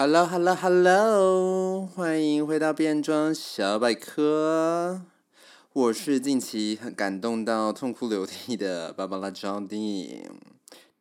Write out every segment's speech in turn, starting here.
Hello Hello Hello，歡迎回到變裝小百科，我是近期很感動到痛哭流涕的芭芭拉招弟。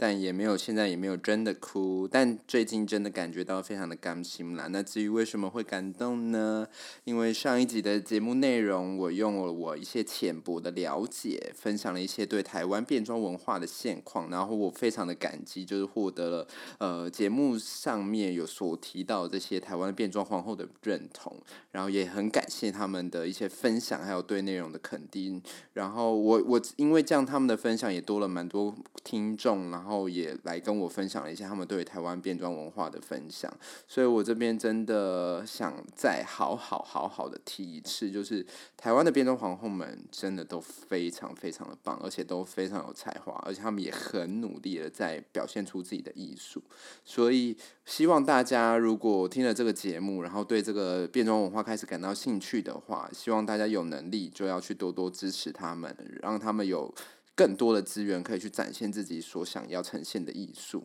但也沒有，現在也沒有真的哭，但最近真的感覺到非常的甘心啦。那至於為什麼會感動呢？因為上一集的節目內容，我用了我一些淺薄的了解，分享了一些對台灣變裝文化的現況，然後我非常的感激，就是獲得了呃節目上面有所提到這些台灣的變裝皇後的認同，然後也很感謝他們的一些分享，還有對內容的肯定。然後我我因為這樣，他們的分享也多了蠻多聽眾，然後。然後也來跟我分享了一下他們對台灣變裝文化的分享，所以我這邊真的想再好好好好的提一次，就是台灣的變裝皇後們真的都非常非常的棒，而且都非常有才華，而且他們也很努力的在表現出自己的藝術。所以希望大家如果聽了這個節目，然後對這個變裝文化開始感到興趣的話，希望大家有能力就要去多多支持他們，讓他們有。更多的資源可以去展現自己所想要呈現的藝術。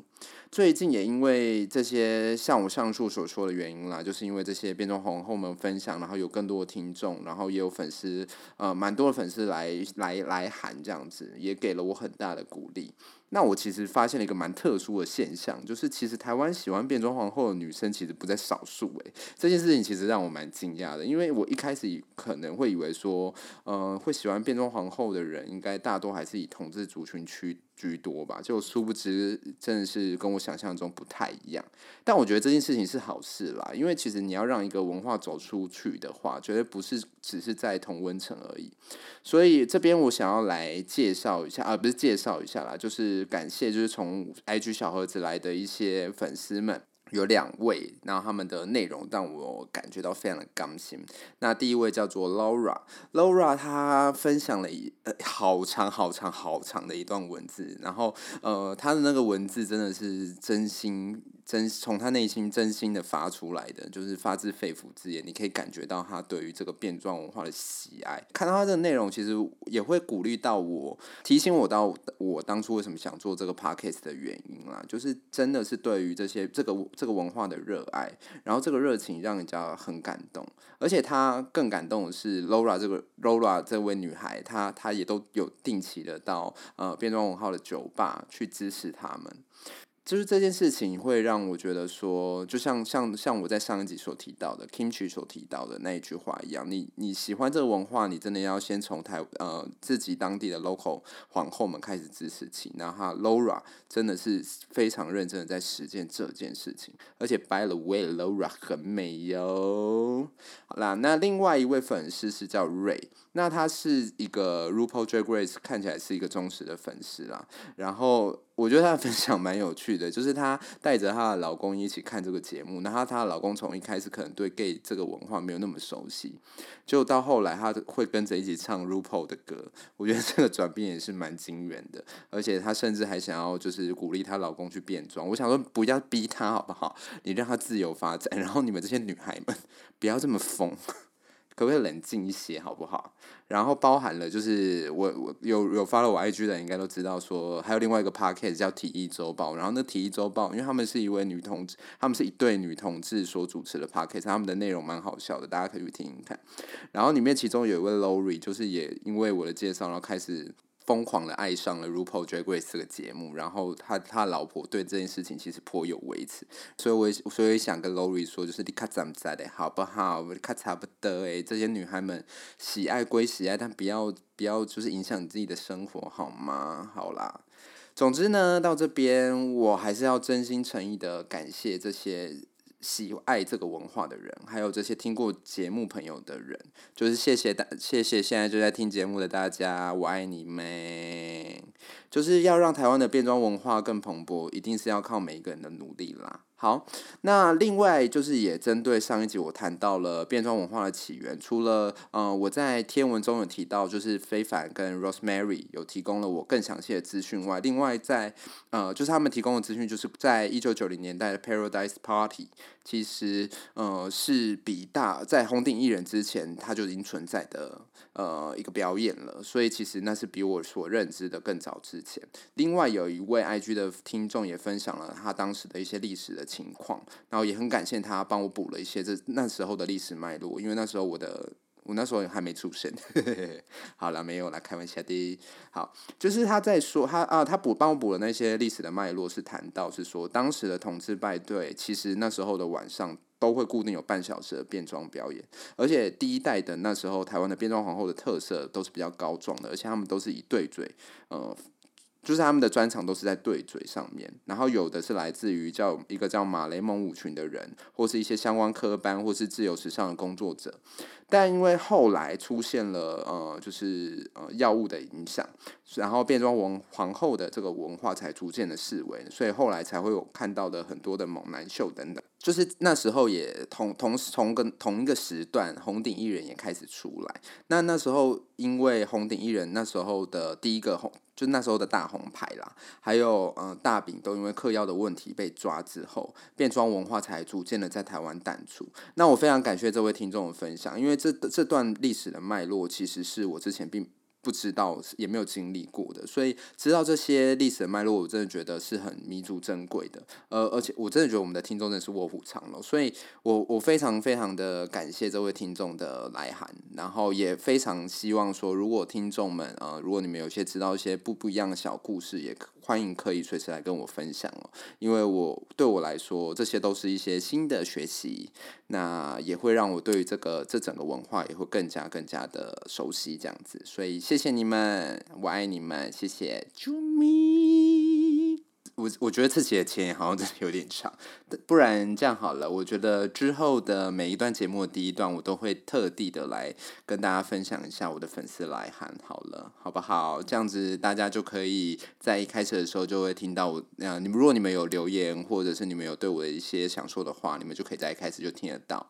最近也因為這些像我上述所說的原因啦，就是因為這些變裝皇後們分享，然後有更多的聽眾，然後也有粉絲，呃，蠻多的粉絲來來來喊這樣子，也給了我很大的鼓勵。那我其實發現了一個蠻特殊的現象，就是其實台灣喜歡變裝皇後的女生其實不在少數誒，這件事情其實讓我蠻驚訝的，因為我一開始可能會以為說，呃，會喜歡變裝皇後的人應該大多還是以同志族群去。居多吧，就殊不知真的是跟我想象中不太一樣。但我覺得這件事情是好事啦，因為其實你要讓一個文化走出去的話，絕對不是只是在同溫層而已。所以這邊我想要來介紹一下，而、啊、不是介紹一下啦，就是感謝就是從 IG 小盒子來的一些粉絲們。有兩位，然後他們的內容讓我感覺到非常的感心。那第一位叫做 Laura，Laura 她分享了一，呃、好長好長好長的一段文字，然後呃，她的那個文字真的是真心。真從他內心真心的發出來的，就是發自肺腑之言，你可以感覺到他對於這個變裝文化的喜愛。看到他的內容，其實也會鼓勵到我，提醒我到我當初為什麼想做這個 podcast 的原因啦。就是真的是對於這些這個這個文化的熱愛，然後這個熱情讓人家很感動。而且他更感動的是 Laura 這個 Laura 這位女孩，她她也都有定期的到呃變裝文化的酒吧去支持他們。就是這件事情會讓我覺得說，就像像像我在上一集所提到的 Kimchi 所提到的那一句話一樣，你你喜歡這個文化，你真的要先從台呃自己當地的 local 皇後們開始支持起。然後，Laura 真的是非常認真的在實踐這件事情，而且 by the way，Laura 很美喲、哦。好啦，那另外一位粉絲是叫 Ray。那她是一個 RuPaul Drag Race，看起來是一個忠實的粉絲啦。然後我覺得她的分享蠻有趣的，就是她帶着她的老公一起看這個節目。然後她的老公從一開始可能對 gay 這個文化沒有那麼熟悉，就到後來他會跟着一起唱 RuPaul 的歌。我覺得這個轉變也是蠻驚人的。而且她甚至還想要就是鼓勵她老公去變裝。我想說不要逼他好不好？你讓他自由發展。然後你們這些女孩們不要這麼瘋。可不可以冷靜一些，好不好？然後包含了，就是我我有有發了我 I G 的人應該都知道說，說還有另外一個 podcast 叫《體育周報》，然後那《體育周報》，因為他們是一位女同志，他們是一對女同志所主持的 podcast，他們的內容蠻好笑的，大家可以去聽聽看。然後裡面其中有一位 Lori，就是也因為我的介紹，然後開始。瘋狂的愛上了《RuPaul's Drag Race》這個節目，然後他他老婆對這件事情其實頗有微詞，所以我，我所以想跟 Lori 說，就是你看怎麼的，好不好？我看差不多哎，這些女孩們喜愛歸喜愛，但不要不要就是影響你自己的生活，好嗎？好啦，總之呢，到這邊我還是要真心誠意的感謝這些。喜愛這個文化的人，還有這些聽過節目朋友的人，就是謝謝大，謝謝現在就在聽節目的大家，我愛你們。就是要讓台灣的變裝文化更蓬勃，一定是要靠每一個人的努力啦。好，那另外就是也針對上一集我談到了變裝文化的起源，除了呃我在天文中有提到，就是非凡跟 Rosemary 有提供了我更詳細的資訊外，另外在呃就是他們提供的資訊，就是在一九九零年代的 Paradise Party。其實，呃，是比大在紅頂藝人之前，他就已經存在的呃一個表演了。所以其實那是比我所認知的更早之前。另外有一位 IG 的聽眾也分享了他當時的一些歷史的情況，然後也很感謝他幫我補了一些這那時候的歷史脈絡，因為那時候我的。我那時候還沒出生， 好了，沒有啦，開玩笑的。好，就是他在說他啊，他補幫我補了那些歷史的脈絡，是談到是說當時的同志派對，其實那時候的晚上都會固定有半小時的變裝表演，而且第一代的那時候台灣的變裝皇後的特色都是比較高壯的，而且他們都是以對嘴，呃。就是他們的專場都是在對嘴上面，然後有的是來自於叫一個叫馬雷蒙舞群的人，或是一些相關科班，或是自由時尚的工作者。但因為後來出現了呃，就是呃藥物的影響，然後變裝王皇後的這個文化才逐漸的式微，所以後來才會有看到的很多的猛男秀等等。就是那時候也同同同跟同一個時段，紅頂藝人也開始出來。那那時候因為紅頂藝人那時候的第一個紅，就那時候的大紅牌啦，還有嗯、呃、大餅都因為嗑藥的問題被抓之後，變裝文化才逐漸的在台灣淡出。那我非常感謝這位聽眾的分享，因為這這段歷史的脈絡其實是我之前並。不知道，也沒有經歷過的，所以知道這些歷史的脈絡，我真的覺得是很彌足珍貴的。而、呃、而且我真的覺得我們的聽眾真的是臥虎藏龍，所以我我非常非常的感謝這位聽眾的來函，然後也非常希望說，如果聽眾們啊、呃，如果你們有些知道一些不不一樣的小故事，也可。歡迎可以隨時來跟我分享哦，因為我，對我來說，這些都是一些新的學習，那也會讓我對於這個這整個文化也會更加更加的熟悉，這樣子。所以謝謝你們，我愛你們，謝謝，啾咪。我我覺得自己的前言好像真的有點長，不然這樣好了。我覺得之後的每一段節目的第一段，我都會特地的來跟大家分享一下我的粉絲來函，好了，好不好？這樣子大家就可以在一開始的時候就會聽到我。嗯，你們如果你們有留言，或者是你們有對我的一些想說的話，你們就可以在一開始就聽得到。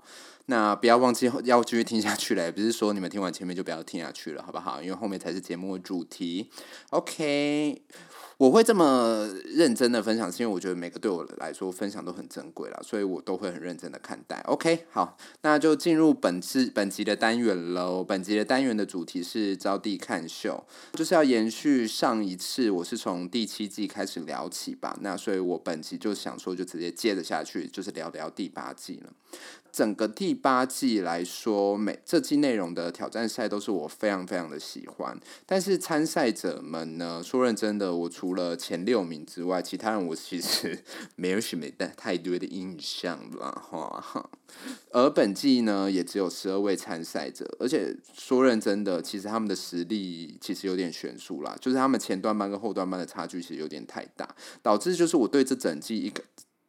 那不要忘記要繼續聽下去嘞，不是說你們聽完前面就不要聽下去了，好不好？因為後面才是節目的主題。OK。我會這麼認真的分享，是因為我覺得每個對我來說分享都很珍貴啦。所以我都會很認真的看待。OK，好，那就進入本次本集的單元嘍。本集的單元的主題是《招弟看秀》，就是要延續上一次，我是從第七季開始聊起吧。那所以我本集就想說，就直接接着下去，就是聊聊第八季了。整個第八季來說，每這季內容的挑戰賽都是我非常非常的喜歡。但是參賽者們呢，說認真的，我除了前六名之外，其他人我其實沒有什麼太太多的印象了哈。而本季呢，也只有十二位參賽者，而且說認真的，其實他們的實力其實有點懸殊啦，就是他們前段班跟後段班的差距其實有點太大，導致就是我對這整季一個。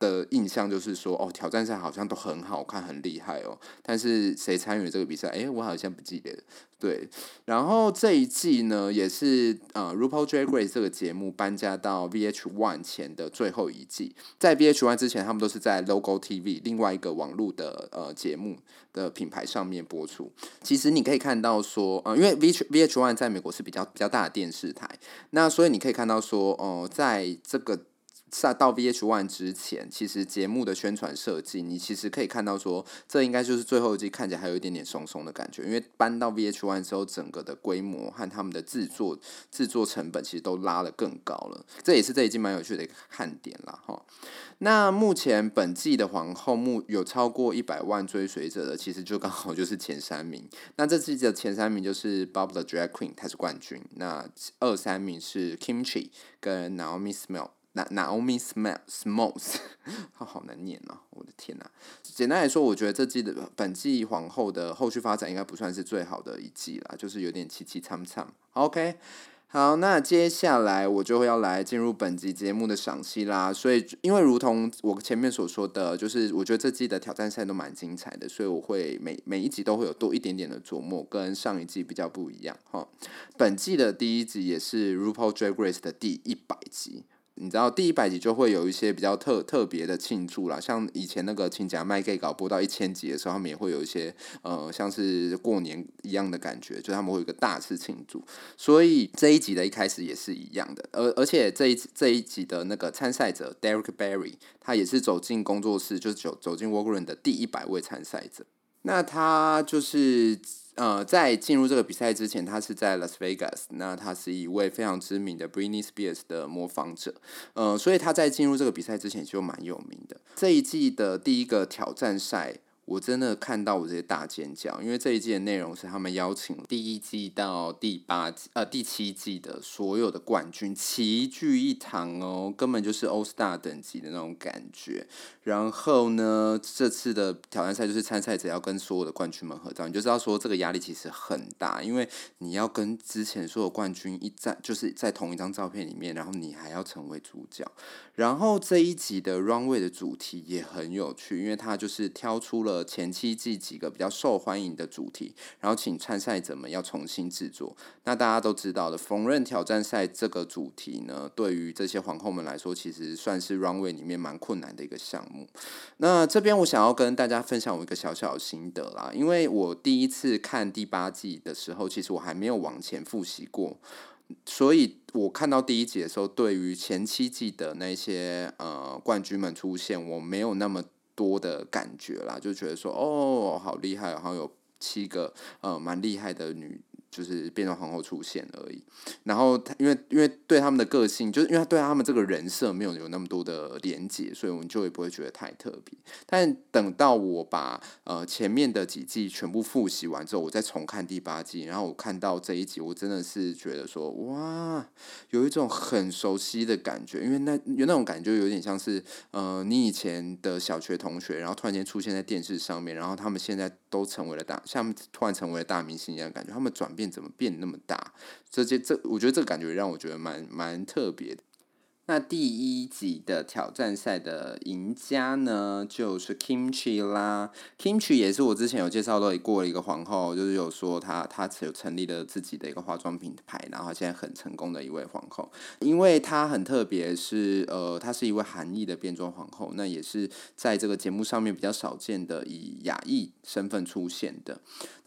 的印象就是說，哦，挑戰賽好像都很好看，很厲害哦。但是誰參與這個比賽？哎、欸，我好像不記得。對，然後這一季呢，也是呃《RuPaul's Drag Race》這個節目搬家到 VH1 前的最後一季。在 VH1 之前，他們都是在 Logo TV 另外一個網絡的呃節目的品牌上面播出。其實你可以看到說，呃，因為 VH1 在美國是比較比較大的電視台，那所以你可以看到說，哦、呃，在這個。在到 VH1 之前，其實節目的宣傳設計，你其實可以看到說，這應該就是最後一季看，起來還有一點點鬆鬆的感覺。因為搬到 VH1 之後，整個的規模和他們的制作製作成本其實都拉得更高了，這也是這一季蠻有趣的一個看點啦。哈。那目前本季的皇后目有超過一百萬追隨者的，其實就剛好就是前三名。那這季的前三名就是 Bob the Drag Queen，他是冠軍。那二三名是 Kimchi 跟 Naomi Smalls Na Naomi Smell Smothes，他好難念哦！我的天吶、啊！簡單來說，我覺得這季的本季皇後的後續發展應該不算是最好的一季啦，就是有點淒淒慘慘。OK，好，那接下來我就要來進入本集節目的賞析啦。所以，因為如同我前面所說的就是，我覺得這季的挑戰賽都蠻精彩的，所以我會每每一集都會有多一點點的琢磨，跟上一季比較不一樣。哈，本季的第一集也是 RuPaul's Drag Race 的第一百集。你知道第一百集就會有一些比較特特別的慶祝啦，像以前那個《親戚麥計較》搞播到一千集的時候，他們也會有一些呃，像是過年一樣的感覺，就他們會有一個大肆慶祝。所以這一集的一開始也是一樣的，而而且這一這一集的那個參賽者 Derrick Barry，他也是走進工作室就走走進 Workroom 的第一百位參賽者，那他就是。呃，在進入這個比賽之前，他是在 Las Vegas。那他是一位非常知名的 Britney Spears 的模仿者，呃，所以他在進入這個比賽之前就蠻有名的。這一季的第一個挑戰賽。我真的看到我這些大尖叫，因為這一季的內容是他們邀請第一季到第八季，呃，第七季的所有的冠軍齊聚一堂哦，根本就是 All Star 等級的那種感覺。然後呢，這次的挑戰賽就是參賽者要跟所有的冠軍們合照，你就知道說這個壓力其實很大，因為你要跟之前所有冠軍一站，就是在同一張照片裡面，然後你還要成為主角。然後這一集的 runway 的主題也很有趣，因為它就是挑出了。呃，前七季幾個比較受歡迎的主題，然後請參賽者們要重新製作。那大家都知道的縫紉挑戰賽這個主題呢，對於這些皇後們來說，其實算是 runway 裡面蠻困難的一個項目。那這邊我想要跟大家分享我一個小小心得啦，因為我第一次看第八季的時候，其實我還沒有往前複習過，所以我看到第一集的時候，對於前七季的那些呃冠軍們出現，我沒有那麼。多的感覺啦，就覺得說，哦，好厲害哦，好像有七個，呃，蠻厲害的女就是變成皇后出現而已，然後他因為因為對他們的個性，就是因為他對他們這個人設沒有有那麼多的連結，所以我們就也不會覺得太特別。但等到我把呃前面的幾季全部複習完之後，我再重看第八季，然後我看到這一集，我真的是覺得說哇，有一種很熟悉的感覺，因為那有那種感覺就有點像是呃你以前的小學同學，然後突然間出現在電視上面，然後他們現在都成為了大，像他們突然成為了大明星一樣的感覺，他們轉變。怎麼變那麼大？這這、這我覺得這個感覺讓我覺得蠻蠻特別的。那第一集的挑戰賽的贏家呢，就是 Kimchi 啦。Kimchi 也是我之前有介紹到過一個皇後，就是有說她她有成立了自己的一個化妝品牌，然後現在很成功的一位皇後。因為她很特別，是呃，她是一位韓裔的變裝皇後，那也是在這個節目上面比較少見的以亞裔身份出現的。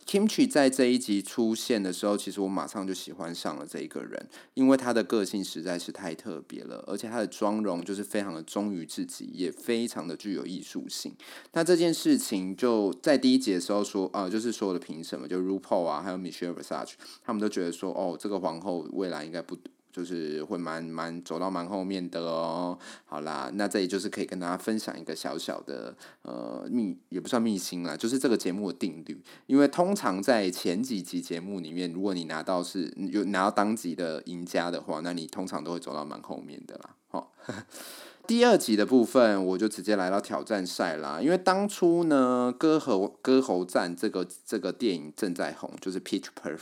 Kimchi 在這一集出現的時候，其實我馬上就喜歡上了這一個人，因為他的個性實在是太特別了，而且他的妝容就是非常的忠於自己，也非常的具有藝術性。那這件事情就在第一集的時候說，呃，就是所有的評審嘛，就 RuPaul 啊，還有 Michelle Versace，他們都覺得說，哦，這個皇后未來應該不。就是會蠻蠻走到蠻後面的哦，好啦，那這裡就是可以跟大家分享一個小小的呃祕，也不算祕辛啦，就是這個節目的定律。因為通常在前幾集節目裡面，如果你拿到是有拿到當集的贏家的話，那你通常都會走到蠻後面的啦，哦。第二集的部分，我就直接來到挑戰賽啦。因為當初呢，歌、《歌喉歌喉戰》這個這個電影正在紅，就是《Pitch Perfect》，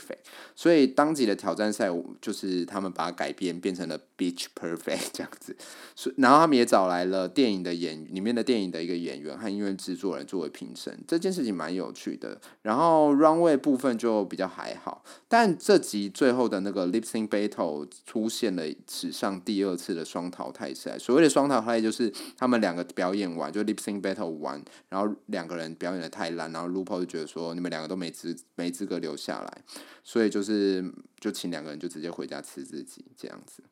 所以當集的挑戰賽，就是他們把他改編變成了《Bitch Perfect》這樣子。所然後他們也找來了電影的演裡面的電影的一個演員和音樂製作人作為評審，這件事情蠻有趣的。然後，Runway 部分就比較還好，但這集最後的那個 Lip Sync Battle 出現了史上第二次的雙淘汰賽，所謂的雙淘。後來就是他們兩個表演完，就 lip sync battle 完，然後兩個人表演得太爛，然後 RuPaul 就覺得說你們兩個都沒資沒資格留下來，所以就是就請兩個人就直接回家吃自己這樣子。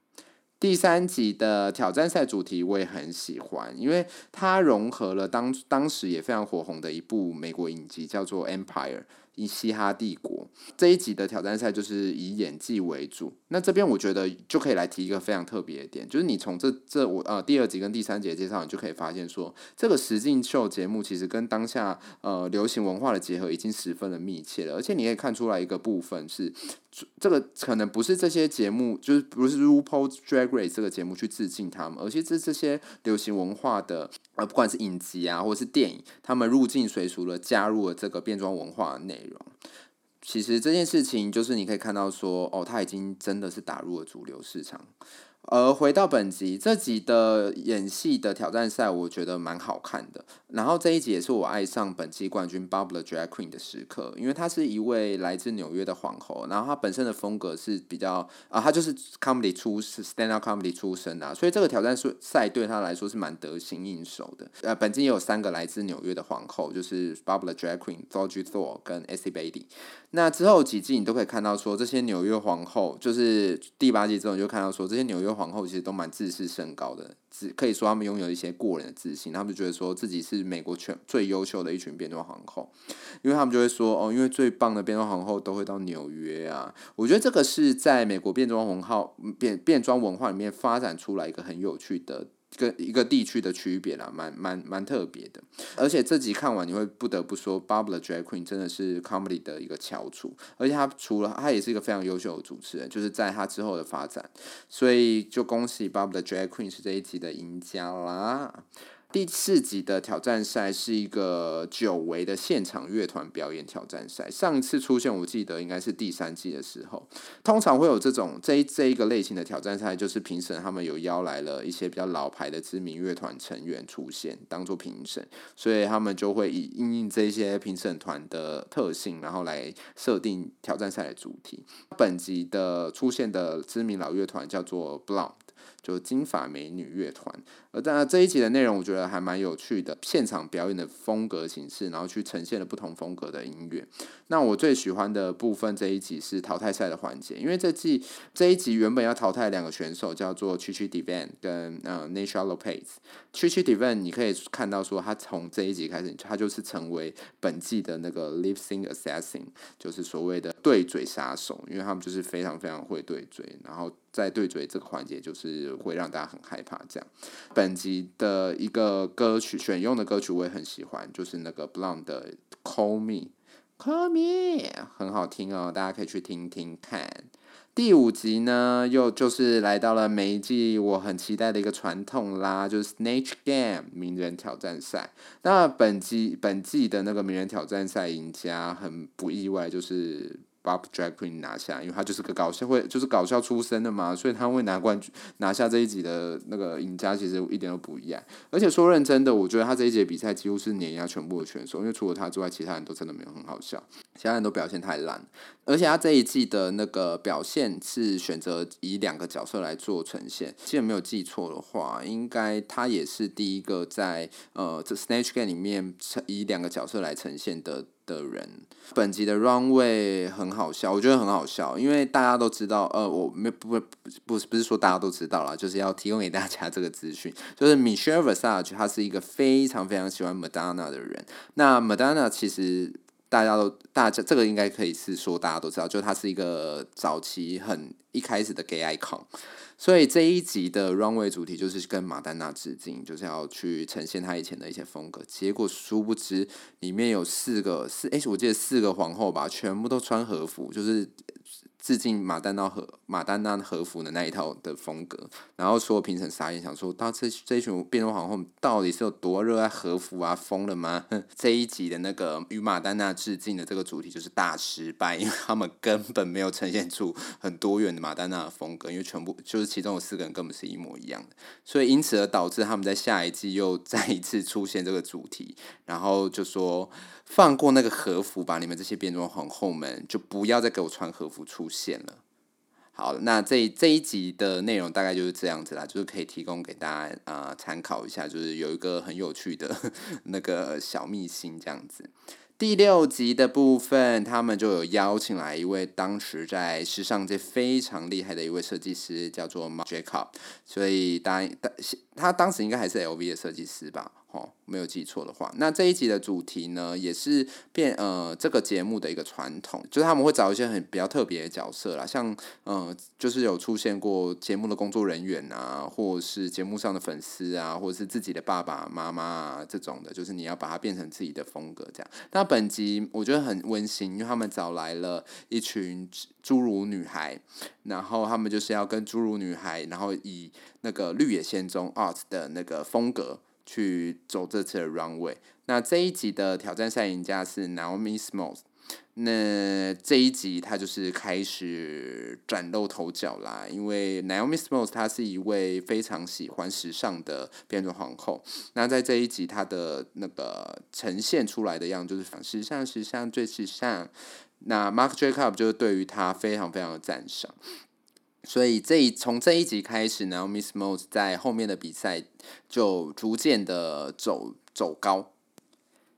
第三集的挑戰賽主題我也很喜歡，因為它融合了當當時也非常火紅的一部美國影集叫做 Empire。以嘻哈帝國這一集的挑戰賽就是以演技為主，那這邊我覺得就可以來提一個非常特別的點，就是你從這這我呃第二集跟第三集的介紹，你就可以發現說，這個實境秀節目其實跟當下呃流行文化的結合已經十分的密切了，而且你可以看出來一個部分是，這個可能不是這些節目就是不是 RuPaul Drag Race 這個節目去致敬他們，而且這這些流行文化的呃不管是影集啊或者是電影，他們入境隨俗的加入了這個變裝文化內。其實這件事情，就是你可以看到說，哦，他已經真的是打入了主流市場。而、呃、回到本集，這集的演戲的挑戰賽，我覺得蠻好看的。然後這一集也是我愛上本季冠軍 Bob the Drag Queen 的時刻，因為她是一位來自紐約的皇後。然後她本身的風格是比較啊，她、呃、就是 comedy 出，stand up comedy 出身的、啊，所以這個挑戰賽對她來說是蠻得心應手的。呃，本季也有三個來自紐約的皇後，就是 Bob the Drag Queen、Thorgy Thor 跟 Acid Betty，那之後幾季你都可以看到說，這些紐約皇後，就是第八季之後就看到說，這些紐約，皇後其實都蠻自視甚高的，只可以說他們擁有一些過人的自信，他們就覺得說自己是美國全最優秀的一群變裝皇後，因為他們就會說哦，因為最棒的變裝皇後都會到紐約啊，我覺得這個是在美國變裝文化變變裝文化裡面發展出來一個很有趣的。跟一個地區的區別啦，蠻蠻蠻特別的。而且這集看完你會不得不說 Bob the Drag Queen 真的是 comedy 的一個翹楚。而且他除了他也是一個非常優秀的主持人，就是在他之後的發展。所以就恭喜 Bob the Drag Queen 是這一集的贏家啦。第四集的挑戰賽是一個久違的現場樂團表演挑戰賽。上一次出現我記得應該是第三季的時候。通常會有這種這一這一,一個類型的挑戰賽，就是評審他們有邀來了一些比較老牌的知名樂團成員出現，當做評審，所以他們就會以因應這些評審團的特性，然後來設定挑戰賽的主題。本集的出現的知名老樂團叫做 Blondie。就金髮美女樂團，呃，當然這一集的內容我覺得還蠻有趣的，現場表演的風格形式，然後去呈現了不同風格的音樂。那我最喜歡的部分這一集是淘汰賽的環節，因為這季這一集原本要淘汰兩個選手，叫做 Chi Chi DeVayne 跟呃 Naysha Lopez。Chi Chi DeVayne 你可以看到說他從這一集開始，他就是成為本季的那個 Lip Sync Assassin，就是所謂的。對嘴殺手，因為他們就是非常非常會對嘴，然後在對嘴這個環節就是會讓大家很害怕。這樣，本集的一個歌曲選用的歌曲我也很喜歡，就是那個 Blond 的《Call Me》，Call Me 很好聽喔，大家可以去聽聽看。第五集呢，又就是來到了每一季我很期待的一個傳統啦，就是 Snatch Game 名人挑戰賽。那本季本季的那個名人挑戰賽贏家很不意外，就是。Bob The Drag Queen 拿下，因為他就是個搞笑，會就是搞笑出身的嘛，所以他會拿冠軍拿下這一集的那個贏家，其實一點都不意外。而且說認真的，我覺得他這一節比賽幾乎是碾壓全部的選手，因為除了他之外，其他人都真的沒有很好笑，其他人都表現太爛。而且他這一季的那個表現是選擇以兩個角色來做呈現，既然沒有記錯的話，應該他也是第一個在呃這 Snatch Game 裡面以兩個角色來呈現的的人，本集的 runway 很好笑，我覺得很好笑，因為大家都知道，呃，我沒不不不，不是說大家都知道啦，就是要提供給大家這個資訊，就是 Michelle Visage 他是一個非常非常喜歡 Madonna 的人，那 Madonna 其實大家都大家這個應該可以是說大家都知道，就他是一個早期很一開始的 gay icon。所以這一集的 runway 主題就是跟馬丹娜致敬，就是要去呈現她以前的一些風格。結果殊不知，裡面有四個，四，哎、欸，我記得四個皇后吧，全部都穿和服，就是。致敬馬丹娜和馬丹娜和服的那一套的風格，然後所有評審傻眼，想說，到這這一群變裝皇后到底是有多熱愛和服啊？瘋了嗎？這一集的那個與馬丹娜致敬的這個主題就是大失敗，因為他們根本沒有呈現出很多元的馬丹娜的風格，因為全部就是其中有四個人根本是一模一樣的，所以因此而導致他們在下一季又再一次出現這個主題，然後就說。放過那個和服吧，你們這些變裝皇後們就不要再給我穿和服出現了。好，那這這一集的內容大概就是這樣子啦，就是可以提供給大家啊呃、參考一下，就是有一個很有趣的那個小秘辛這樣子。第六集的部分，他們就有邀請來一位當時在時尚界非常厲害的一位設計師，叫做 Marc Jacobs，所以當當他當時應該還是 LV 的設計師吧。沒有記錯的話，那這一集的主題呢，也是變呃這個節目的一個傳統，就是他們會找一些很比較特別的角色啦，像呃就是有出現過節目的工作人員啊，或是節目上的粉絲啊，或者是自己的爸爸媽媽啊這種的，就是你要把它變成自己的風格這樣。那本集我覺得很溫馨，因為他們找來了一群侏儒女孩，然後他們就是要跟侏儒女孩，然後以那個綠野仙蹤 art 的那個風格。去走這次的 runway，那這一集的挑戰賽贏家是 Naomi Smalls，那這一集她就是開始嶄露頭角啦，因為 Naomi Smalls 她是一位非常喜歡時尚的變裝皇後，那在這一集她的那個呈現出來的樣子就是仿時尚、時尚最時尚，那 Mark Jacob 就是對於她非常非常的讚賞。所以這一從這一集開始，然後 Miss Mose 在後面的比賽就逐漸的走走高。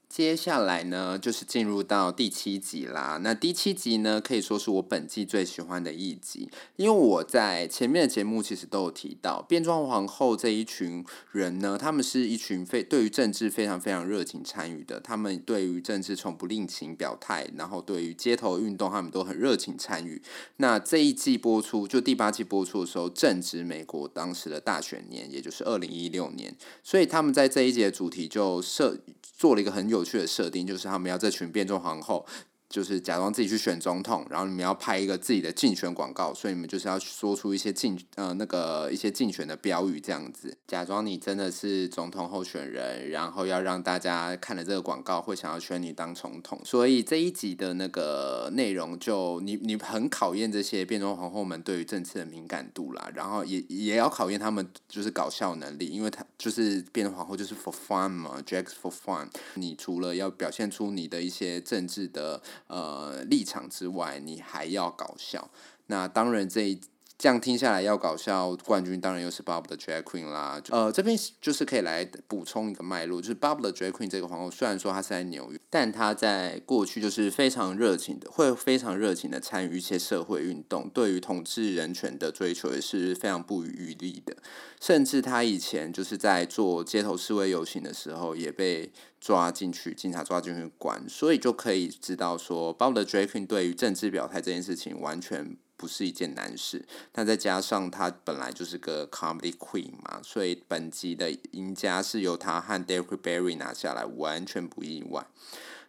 接下來呢，就是進入到第七集啦。那第七集呢，可以說是我本季最喜歡的一集，因為我在前面的節目其實都有提到，變裝皇後這一群人呢，他們是一群非對於政治非常非常熱情參與的，他們對於政治從不吝情表態，然後對於街頭運動他們都很熱情參與。那這一季播出，就第八季播出的時候，正值美國當時的大選年，也就是二零一六年，所以他們在這一集的主題就設做了一個很有。有趣的設定就是，他們要這群變裝皇後。就是假裝自己去選總統，然後你們要拍一個自己的競選廣告，所以你們就是要說出一些競呃那個一些競選的標語這樣子，假裝你真的是總統候選人，然後要讓大家看了這個廣告會想要選你當總統。所以這一集的那個內容就你你很考驗這些變裝皇後們對於政策的敏感度啦，然後也也要考驗他們就是搞笑能力，因為他就是變裝皇後就是 for fun 嘛，jokes for fun。你除了要表現出你的一些政治的。呃，立場之外，你還要搞笑。那當然，這一。這樣聽下來，要搞笑冠軍當然又是 Bob the Drag Queen 啦。呃，這邊就是可以來補充一個脈絡，就是 Bob the Drag Queen 這個皇後，雖然說他是在紐約，但他在過去就是非常熱情的，會非常熱情的參與一些社會運動，對於同志人權的追求也是非常不遺餘力的。甚至他以前就是在做街頭示威遊行的時候，也被抓進去，警察抓進去關，所以就可以知道說，Bob the Drag Queen 對於政治表態這件事情完全。不是一件難事。但再加上她本來就是個 comedy queen 嘛，所以本集的贏家是由她和 Derrick Barry 拿下來，完全不意外。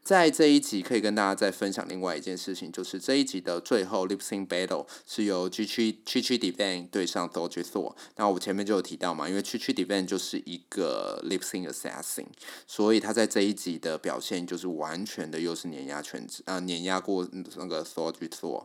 在這一集可以跟大家再分享另外一件事情，就是這一集的最後 lip sync battle 是由 Chi Chi Chi Chi DeVayne 對上 Thorgy Thor，那我前面就有提到嘛，因為 Chi Chi DeVayne 就是一個 lip sync assassin，所以他在這一集的表現就是完全的又是碾壓全職啊，碾壓過那個 Thorgy Thor。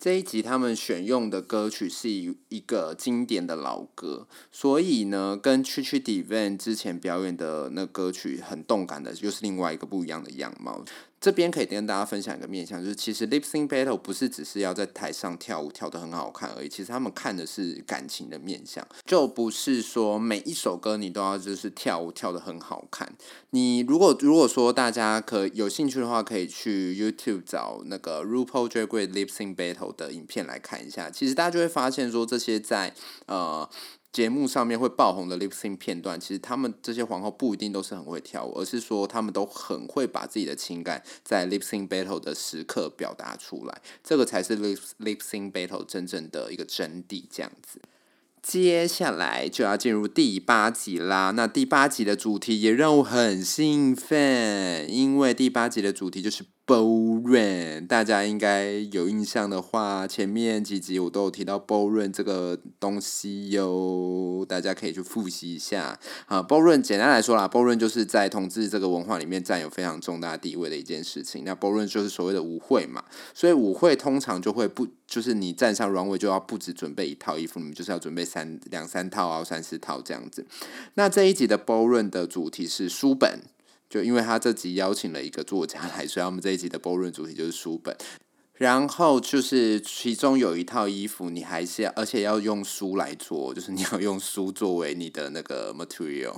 這一集他們選用的歌曲是一一個經典的老歌，所以呢，跟《Chi Chi DeVayne》之前表演的那歌曲很動感的，又是另外一個不一樣的樣貌。這邊可以跟大家分享一個面向，就是其實 lip sync battle 不是只是要在台上跳舞跳的很好看而已，其實他們看的是感情的面向，就不是說每一首歌你都要就是跳舞跳的很好看。你如果如果說大家可有興趣的話，可以去 YouTube 找那個 RuPaul Drag Race lip sync battle 的影片來看一下，其實大家就會發現說，這些在呃。節目上面會爆紅的 lip sync 片段，其實他們這些皇後不一定都是很會跳舞，而是說他們都很會把自己的情感在 lip sync battle 的時刻表達出來，這個才是 lip lip sync battle 真正的一個真諦。這樣子，接下來就要進入第八集啦。那第八集的主題也讓我很興奮，因為第八集的主題就是。ballroom 大家應該有印象的話，前面幾集我都有提到 ballroom 這個東西喲，大家可以去復習一下。啊 ballroom 簡單來說啦 ballroom 就是在統治這個文化裡面佔有非常重大地位的一件事情。那 ballroom 就是所謂的舞會嘛，所以舞會通常就會不就是你站上 Runway 就要不止準備一套衣服，你們就是要準備三兩三套啊，三四套這樣子。那這一集的 ballroom 的主題是書本。就因為他這集邀請了一個作家來，所以我們這一集的 Ballroom 主題就是書本。然後就是其中有一套衣服，你還是要而且要用書來做，就是你要用書作為你的那個 material，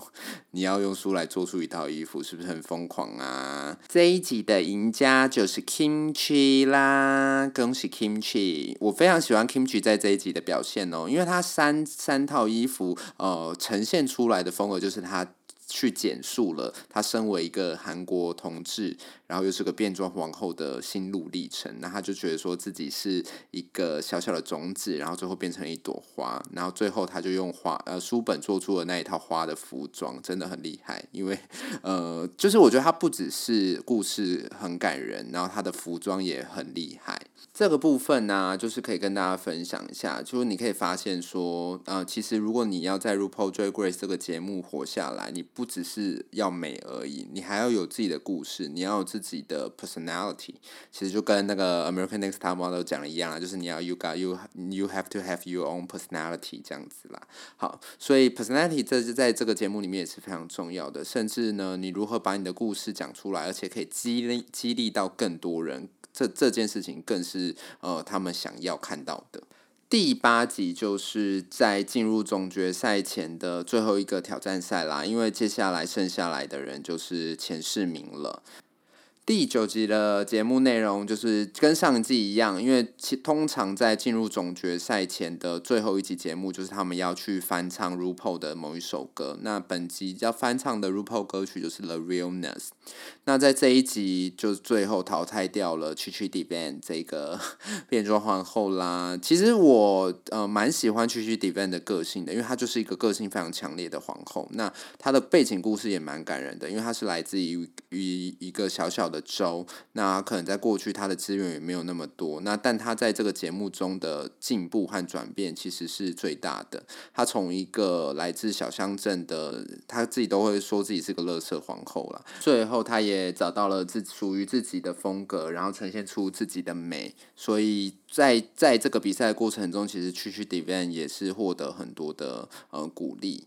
你要用書來做出一套衣服，是不是很瘋狂啊？這一集的贏家就是 Kimchi 啦，恭喜 Kimchi！我非常喜歡 Kimchi 在這一集的表現哦、喔，因為他三三套衣服呃呈現出來的風格就是他。去簡述了。他身為一個韓國同志，然後又是個變裝皇後的心路歷程。那他就覺得說自己是一個小小的種子，然後最後變成一朵花。然後最後他就用花呃書本做出了那一套花的服裝，真的很厲害。因為呃，就是我覺得他不只是故事很感人，然後他的服裝也很厲害。這個部分呢、啊，就是可以跟大家分享一下，就是你可以發現說，呃，其實如果你要在《RuPaul's Drag Race》這個節目活下來，你不只是要美而已，你還要有自己的故事，你要有自己的 personality。其實就跟那個《American Next Top Model》講的一樣啦，就是你要 you got you you have to have your own personality 這樣子啦。好，所以 personality 這是在這個節目裡面也是非常重要的，甚至呢，你如何把你的故事講出來，而且可以激勵激勵到更多人。這這件事情更是呃他們想要看到的。第八集就是在進入總決賽前的最後一個挑戰賽啦，因為接下來剩下來的人就是前四名了。第九集的節目內容就是跟上一季一樣，因為其通常在進入總決賽前的最後一集節目，就是他們要去翻唱 RuPaul 的某一首歌。那本集要翻唱的 RuPaul 歌曲就是《The Realness》。那在這一集就最後淘汰掉了 Chi Chi DeVayne 這個變裝皇後啦。其實我呃蠻喜歡 Chi Chi DeVayne 的個性的，因為他就是一個個性非常強烈的皇後。那他的背景故事也蠻感人的，因為他是來自於於一個小小的。的州，那可能在過去他的資源也沒有那麼多，那但他在這個節目中的進步和轉變其實是最大的。他從一個來自小鄉鎮的，他自己都會說自己是個“樂色皇后”了，最後他也找到了自屬於自己的風格，然後呈現出自己的美。所以在在這個比賽過程中，其實 Chi Chi DeVayne 也是獲得很多的呃鼓勵。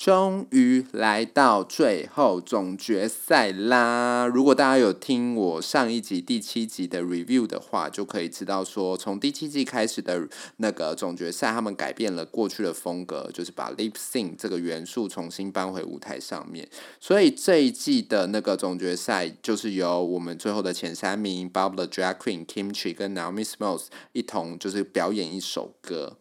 終於來到最後總決賽啦！如果大家有聽我上一集第七集的 review 的話，就可以知道說，從第七季開始的那個總決賽，他們改變了過去的風格，就是把 lip sync 這個元素重新搬回舞台上面。所以這一季的那個總決賽，就是由我們最後的前三名，Bob the Drag Queen、Kim Chi 跟 Naomi Smalls 一同就是表演一首歌。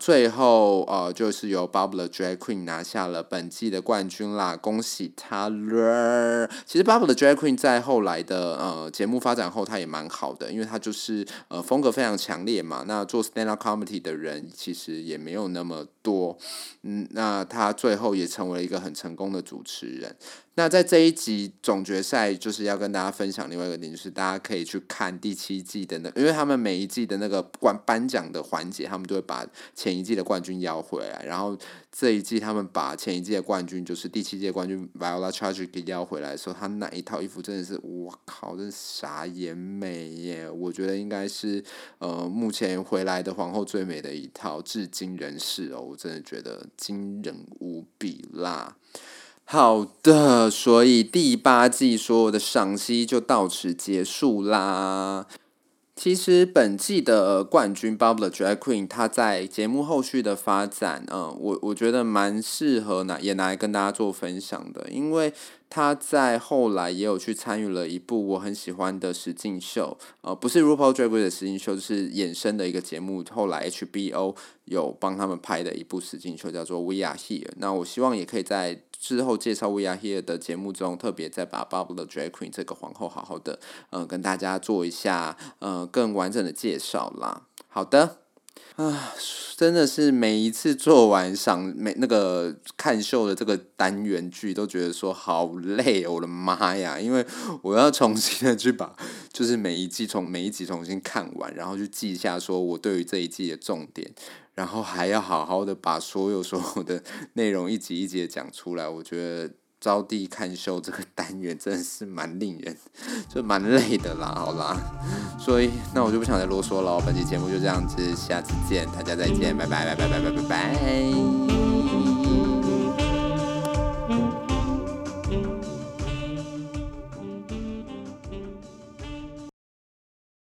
最後，呃，就是由 Bob the Drag Queen 拿下了。本季的冠軍啦，恭喜他了。其實，Bob the Drag Queen 在後來的呃節目發展後，他也蠻好的，因為他就是呃風格非常強烈嘛。那做 stand-up comedy 的人其實也沒有那麼多，嗯，那他最後也成為了一個很成功的主持人。那在這一集總決賽，就是要跟大家分享另外一個點，就是大家可以去看第七季的那，因為他們每一季的那個冠頒獎的環節，他們都會把前一季的冠軍邀回來，然後這一季他們把前一季的冠軍，就是第七屆冠軍 Viola Tragic 邀回來的時候，他那一套衣服真的是，我靠，真的啥也美耶！我覺得應該是呃，目前回來的皇后最美的一套，至今人世哦，我真的覺得驚人無比啦。好的，所以第八季所有的賞析就到此結束啦。其實本季的冠軍 Bob the Drag Queen，他在節目後續的發展，嗯，我我覺得蠻適合拿也拿來跟大家做分享的，因為。他在後來也有去參與了一部我很喜歡的《實境秀》，呃，不是《RuPaul Drag Race》的《實境秀》，就是衍生的一個節目。後來 HBO 有幫他們拍的一部《實境秀》，叫做《We Are Here》。那我希望也可以在之後介紹《We Are Here》的節目中，特別再把《Bob the Drag Queen》這個皇后好好的，嗯、呃，跟大家做一下，呃，更完整的介紹啦。好的。啊，真的是每一次做完想每那個看秀的這個單元劇，都覺得說好累，我的媽呀！因為我要重新的去把，就是每一季從每一集重新看完，然後去記一下說我對於這一季的重點，然後還要好好的把所有所有的內容一集一集的講出來，我覺得。招弟看秀這個單元真的是蠻令人，就蠻累的啦，好啦，所以那我就不想再囉嗦了，本期節目就這樣子，下次見，大家再見，拜拜拜拜拜拜拜拜。拜拜拜拜